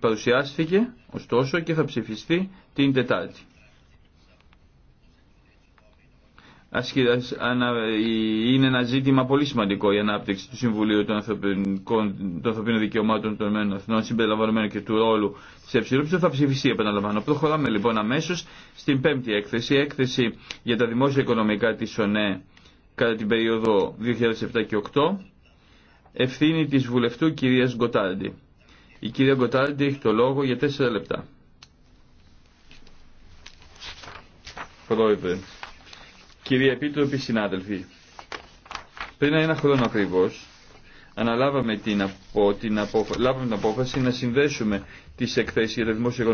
παρουσιάστηκε ωστόσο και θα ψηφιστεί την Τετάρτη. Είναι ένα ζήτημα πολύ σημαντικό η ανάπτυξη του Συμβουλίου των Ανθρωπίνων Δικαιωμάτων των Εθνών, συμπεριλαμβανομένου και του ρόλου τη ΕΕ, θα ψηφιστεί, επαναλαμβάνω. Προχωράμε λοιπόν αμέσω στην πέμπτη έκθεση, έκθεση για τα δημόσια οικονομικά τη ΟΝΕ κατά την περίοδο 2007 και 2008, ευθύνη τη βουλευτού κυρία Γκοτάρντι. Η κυρία Γκοτάλντι έχει το λόγο για τέσσερα λεπτά. Πρόεδρε, κυρία Επίτροπη, συνάδελφοι, πριν ένα χρόνο ακριβώ αναλάβαμε την, απο, την, λάβαμε την απόφαση να συνδέσουμε τις εκθέσεις για τα δημόσια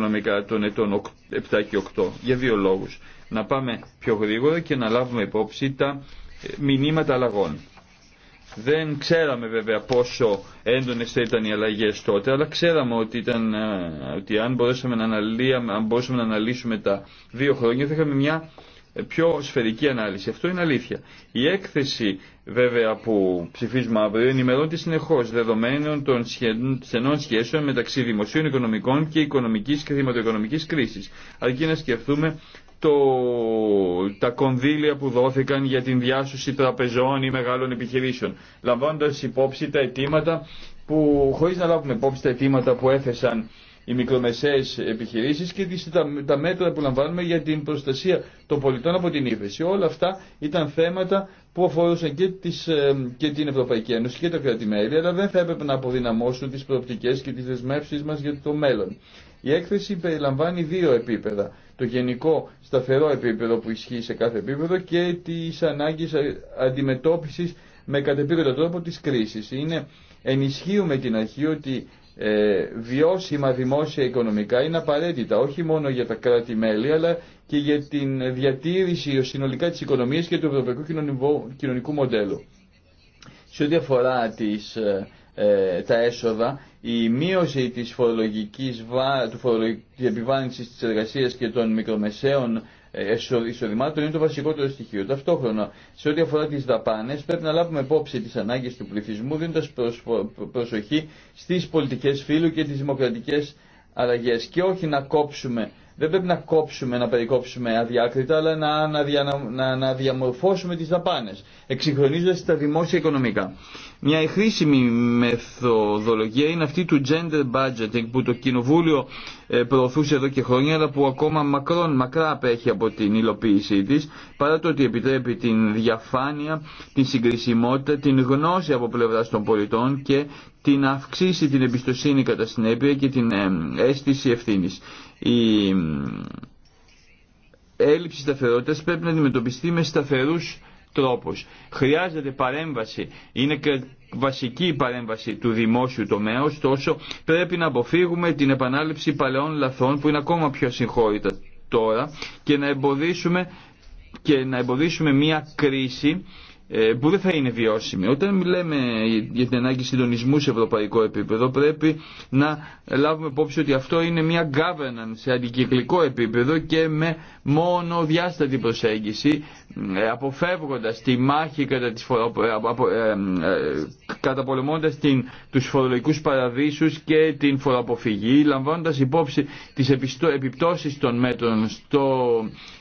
των ετών 7 και 8 για δύο λόγους. Να πάμε πιο γρήγορα και να λάβουμε υπόψη τα ε, μηνύματα αλλαγών. Δεν ξέραμε βέβαια πόσο έντονες θα ήταν οι αλλαγές τότε, αλλά ξέραμε ότι, ήταν, ε, ότι αν, μπορούσαμε να αναλύσουμε, αν μπορούσαμε να αναλύσουμε τα δύο χρόνια θα είχαμε μια ε, πιο σφαιρική ανάλυση. Αυτό είναι αλήθεια. Η έκθεση βέβαια που ψηφίζουμε αύριο ενημερώνεται συνεχώ δεδομένων των στενών σχέσεων μεταξύ δημοσίων οικονομικών και οικονομική και χρηματοοικονομική κρίση. Αρκεί να σκεφτούμε το, τα κονδύλια που δόθηκαν για την διάσωση τραπεζών ή μεγάλων επιχειρήσεων, λαμβάνοντα υπόψη τα αιτήματα που, χωρίς να λάβουμε υπόψη τα αιτήματα που έθεσαν οι μικρομεσαίες επιχειρήσει και τις, τα, μέτρα που λαμβάνουμε για την προστασία των πολιτών από την ύφεση. Όλα αυτά ήταν θέματα που αφορούσαν και, τις, ε, και την Ευρωπαϊκή Ένωση και τα κράτη-μέλη, αλλά δεν θα έπρεπε να αποδυναμώσουν τι προοπτικέ και τι δεσμεύσει μα για το μέλλον. Η έκθεση περιλαμβάνει δύο επίπεδα το γενικό σταθερό επίπεδο που ισχύει σε κάθε επίπεδο και τις ανάγκες ε, αντιμετώπισης με κατεπίγοντα τρόπο της κρίσης. Είναι, ενισχύουμε την αρχή ότι ε, βιώσιμα δημόσια οικονομικά είναι απαραίτητα όχι μόνο για τα κράτη-μέλη αλλά και για την διατήρηση συνολικά της οικονομίας και του ευρωπαϊκού κοινωνικού μοντέλου. Σε ό,τι αφορά τις ε, ε, τα έσοδα, η μείωση της φορολογικής, του φορολογικής επιβάλλησης της εργασίας και των μικρομεσαίων ε, εισοδημάτων είναι το βασικότερο στοιχείο. Ταυτόχρονα, σε ό,τι αφορά τις δαπάνες, πρέπει να λάβουμε υπόψη τις ανάγκες του πληθυσμού, δίνοντας προσοχή στις πολιτικές φύλου και τις δημοκρατικές αλλαγές και όχι να κόψουμε δεν πρέπει να κόψουμε, να περικόψουμε αδιάκριτα, αλλά να, να, να, να διαμορφώσουμε τις δαπάνες, εξυγχρονίζοντας τα δημόσια οικονομικά. Μια χρήσιμη μεθοδολογία είναι αυτή του gender budgeting που το Κοινοβούλιο ε, προωθούσε εδώ και χρόνια, αλλά που ακόμα μακρόν, μακρά απέχει από την υλοποίησή της, παρά το ότι επιτρέπει την διαφάνεια, την συγκρισιμότητα, την γνώση από πλευρά των πολιτών και την αυξήσει την εμπιστοσύνη κατά συνέπεια και την αίσθηση ευθύνης. Η έλλειψη σταθερότητας πρέπει να αντιμετωπιστεί με σταθερούς τρόπους. Χρειάζεται παρέμβαση, είναι βασική παρέμβαση του δημόσιου τομέα, ωστόσο πρέπει να αποφύγουμε την επανάληψη παλαιών λαθών που είναι ακόμα πιο συγχώρητα τώρα και να εμποδίσουμε, και να εμποδίσουμε μια κρίση ε, που δεν θα είναι βιώσιμη. Όταν μιλάμε για την ανάγκη συντονισμού σε ευρωπαϊκό επίπεδο πρέπει να λάβουμε υπόψη ότι αυτό είναι μια governance σε αντικυκλικό επίπεδο και με μόνο διάστατη προσέγγιση ε, αποφεύγοντας τη μάχη κατά της ε, καταπολεμώντας την, τους φορολογικούς παραδείσους και την φοροαποφυγή, λαμβάνοντας υπόψη τις επιπτώσεις των μέτρων στο,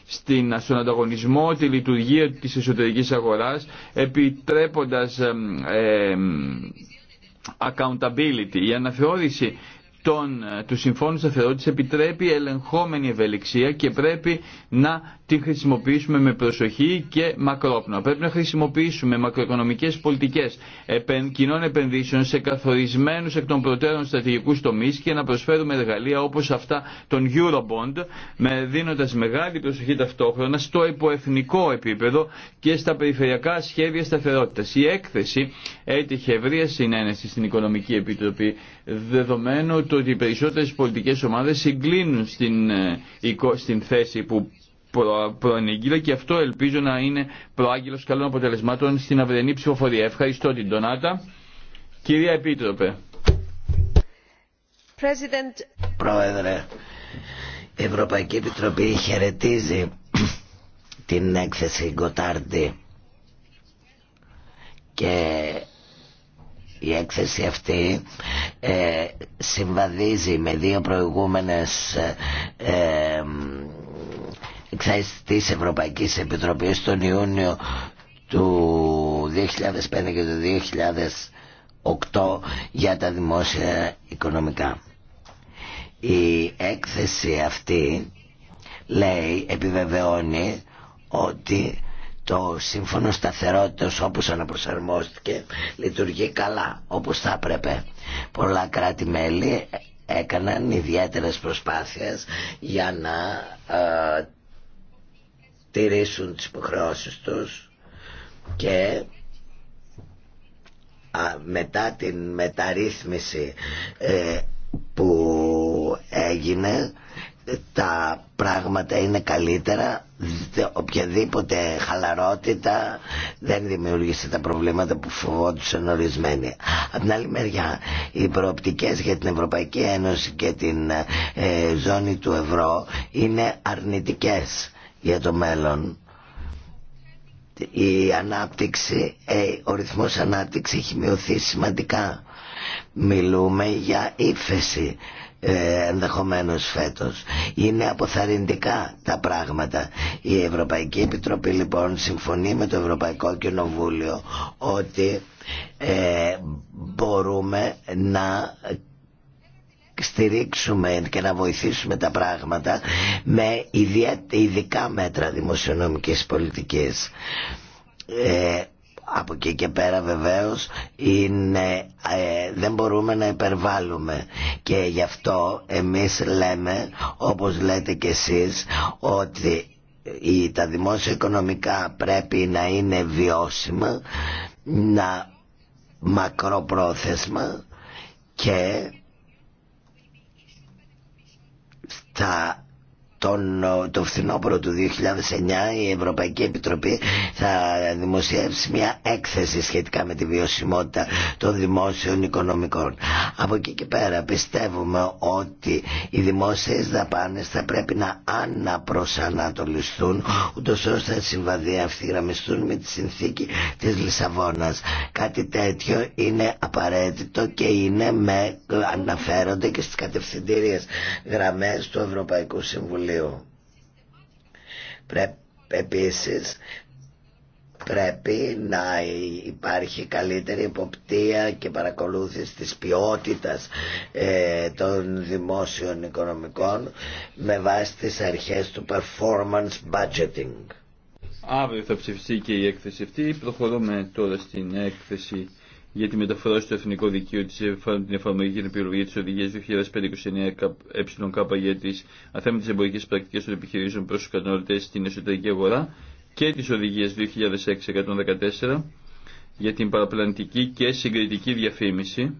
στην, στον ανταγωνισμό, τη λειτουργία της εσωτερικής αγοράς, επιτρέποντας accountability, η αναθεώρηση των, του Συμφώνου σταθερότητα επιτρέπει ελεγχόμενη ευελιξία και πρέπει να την χρησιμοποιήσουμε με προσοχή και μακρόπνοα. Πρέπει να χρησιμοποιήσουμε μακροοικονομικές πολιτικές κοινών επενδύσεων σε καθορισμένους εκ των προτέρων στρατηγικούς τομείς και να προσφέρουμε εργαλεία όπως αυτά των Eurobond, με δίνοντας μεγάλη προσοχή ταυτόχρονα στο υποεθνικό επίπεδο και στα περιφερειακά σχέδια σταθερότητας. Η έκθεση έτυχε ευρεία συνένεση στην Οικονομική Επιτροπή, δεδομένου το ότι οι περισσότερες πολιτικές ομάδες συγκλίνουν στην, ε, στην θέση που προ, και αυτό ελπίζω να είναι προάγγελος καλών αποτελεσμάτων στην αυριανή ψηφοφορία. Ευχαριστώ την Τονάτα. Κυρία Επίτροπε. President... Πρόεδρε, η Ευρωπαϊκή Επιτροπή χαιρετίζει την έκθεση Γκοτάρντι και η έκθεση αυτή ε, συμβαδίζει με δύο προηγούμενες ε, θέση της Ευρωπαϊκής Επιτροπής τον Ιούνιο του 2005 και του 2008 για τα δημόσια οικονομικά. Η έκθεση αυτή λέει, επιβεβαιώνει ότι το σύμφωνο σταθερότητας όπως αναπροσαρμόστηκε λειτουργεί καλά όπως θα έπρεπε. Πολλά κράτη-μέλη έκαναν ιδιαίτερες προσπάθειες για να ε, τηρήσουν τις υποχρεώσεις τους και μετά την μεταρρύθμιση ε, που έγινε τα πράγματα είναι καλύτερα οποιαδήποτε χαλαρότητα δεν δημιούργησε τα προβλήματα που φοβόντουσαν ορισμένοι από την άλλη μεριά οι προοπτικές για την Ευρωπαϊκή Ένωση και την ε, ζώνη του ευρώ είναι αρνητικές για το μέλλον η ανάπτυξη, ε, ο ρυθμός ανάπτυξης έχει μειωθεί σημαντικά. Μιλούμε για ύφεση ε, ενδεχομένως φέτος. Είναι αποθαρρυντικά τα πράγματα. Η Ευρωπαϊκή Επιτροπή λοιπόν συμφωνεί με το Ευρωπαϊκό Κοινοβούλιο ότι ε, μπορούμε να στηρίξουμε και να βοηθήσουμε τα πράγματα με ειδικά μέτρα δημοσιονομικής πολιτικής. Ε, από εκεί και πέρα βεβαίως είναι, ε, δεν μπορούμε να υπερβάλλουμε και γι' αυτό εμείς λέμε όπως λέτε και εσείς ότι η, τα δημόσια οικονομικά πρέπει να είναι βιώσιμα να μακροπρόθεσμα και τα τον, το φθινόπωρο του 2009 η Ευρωπαϊκή Επιτροπή θα δημοσιεύσει μια έκθεση σχετικά με τη βιωσιμότητα των δημόσιων οικονομικών. Από εκεί και πέρα πιστεύουμε ότι οι δημόσιες δαπάνες θα πρέπει να αναπροσανατολιστούν ούτως ώστε να συμβαδεί αυθυγραμμιστούν με τη συνθήκη της Λισαβόνας. Κάτι τέτοιο είναι απαραίτητο και είναι με, αναφέρονται και στις κατευθυντήριες γραμμές του Ευρωπαϊκού Συμβουλίου. Θεό. Πρέπει επίσης πρέπει να υπάρχει καλύτερη εποπτεία και παρακολούθηση της ποιότητας ε, των δημόσιων οικονομικών με βάση τις αρχές του performance budgeting. Αύριο θα ψηφιστεί και η έκθεση αυτή. Προχωρούμε τώρα στην έκθεση για τη μεταφορά στο εθνικό δικείο της, την εφαρμογή και την επιλογή της οδηγίας 2059 ΕΚ ε για τις αθέμετες εμπορικές πρακτικές των επιχειρήσεων προς τους κατανοητές στην εσωτερική αγορά και τις οδηγίες για την παραπλανητική και συγκριτική διαφήμιση